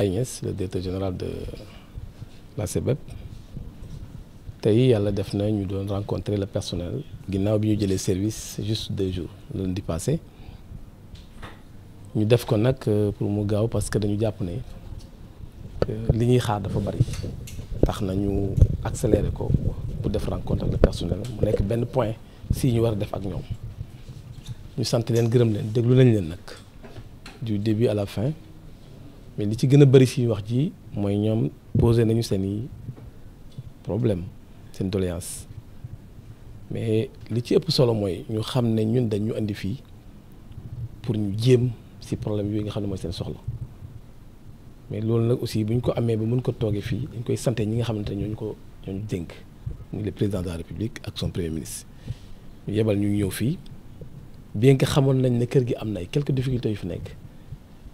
Agnès le directeur général de la CBEP Nous avons def rencontrer le personnel Nous avons ñu les service juste deux jours lundi passé Nous def ko euh, pour mu parce que nous jàpp ne euh, li ñuy xaar dafa bari tax accélérer ko pour def rencontre le personnel mu nekk benn point si nous avons a def ak ñoom ñu sant leen gërëm déglu du début à la fin mais li ci gëna wax posé nañu problème seen doléance mais li ci ëpp solo nous ñu xam ñun dañu andi pour ñu jëm ci problème mais loolu nag aussi bu ko amee ko le président de la république ak son premier ministre ñu ñëw bien que xamoon nañ kër quelques difficultés yu fi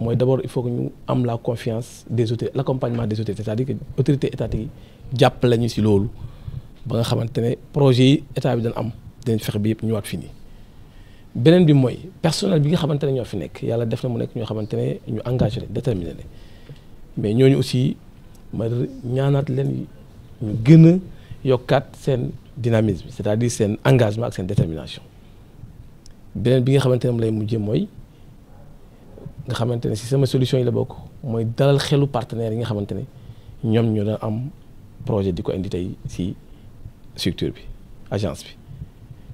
mooy d'abord il faut que ñu am la confiance des autorités l'accompagnement des autorités c'est-à-dire que autorités étatiques yi lañu ci lolu ba nga xamantene projet état bi dañ am dañ fexe bi yëpp ñëwaat fii nii bi moy personnel bi nga xamantene ñoo fi nek yalla def na mu nek ñoo xamantene ñu engagé déterminé mais ñoñu aussi ma ñaanat len ñu gëna a sen dynamisme c'est-à-dire sen engagement ak sen détermination benen bi nga xamantene ne mu lay nga xamante ne si sama solution yi la bokk mooy dalal xelu partenaires yi nga xamante ne ñoom ñu doon am projet di ko indi tey si structure bi agence bi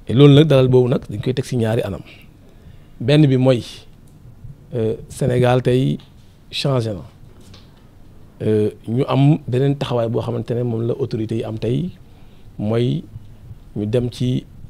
et loolu nag dalal boobu nag dañ koy teg si ñaari anam benn bi mooy Sénégal tey changé na ñu am beneen taxawaay boo xamante ne moom la autorités yi am tey mooy ñu dem ci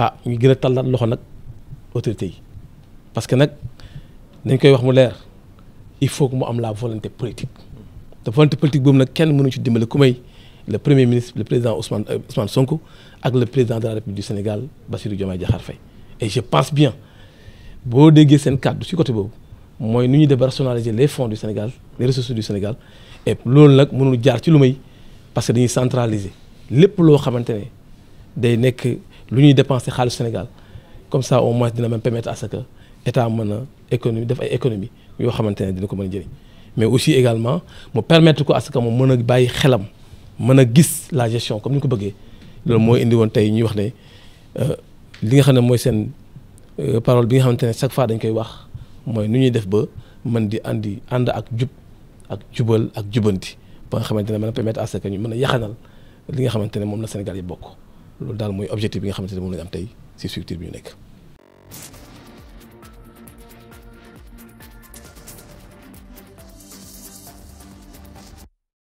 ah ñu gën a tallaat loxo nag autorité parce que nag dañ koy wax mu leer il faut que mu am la volonté politique te volonté politique boobu nag kenn mënu ci dimbale ku may le premier ministre le président Ousmane euh, Ousmane Sonko ak le président de la République du Sénégal Bassirou Diomaye Diakhar Faye et je pense bien boo déggee seen kàddu ci côté boobu mooy nu ñuy def les fonds du Sénégal les ressources du Sénégal et loolu nag mënul jaar ci lu may parce que dañuy centraliser lépp loo xamante ne day nekk lu ñuy dépenser xaalis Sénégal comme ça au moins dina mën permettre à ce que état mën a économie def ay économie yoo xamante ne dina ko mën a jëriñ mais aussi également mu permettre ko à ce que mu mën a bàyyi xelam mën a gis la gestion comme ni ko bëggee loolu mooy indi woon tey ñuy wax ne euh, li nga xam ne mooy seen euh, parole bi nga xamante ne chaque fois dañ koy wax mooy nu ñuy def ba mën di andi ànd ak jub ak jubal ak jubanti ba nga xamante ne mën a permettre à ce que ñu mën a yaxanal li nga xamante ne moom la Sénégal yi bokk. loolu daal mooy objectif bi nga xamante ne moom lañ am tey si structure bi ñu nekk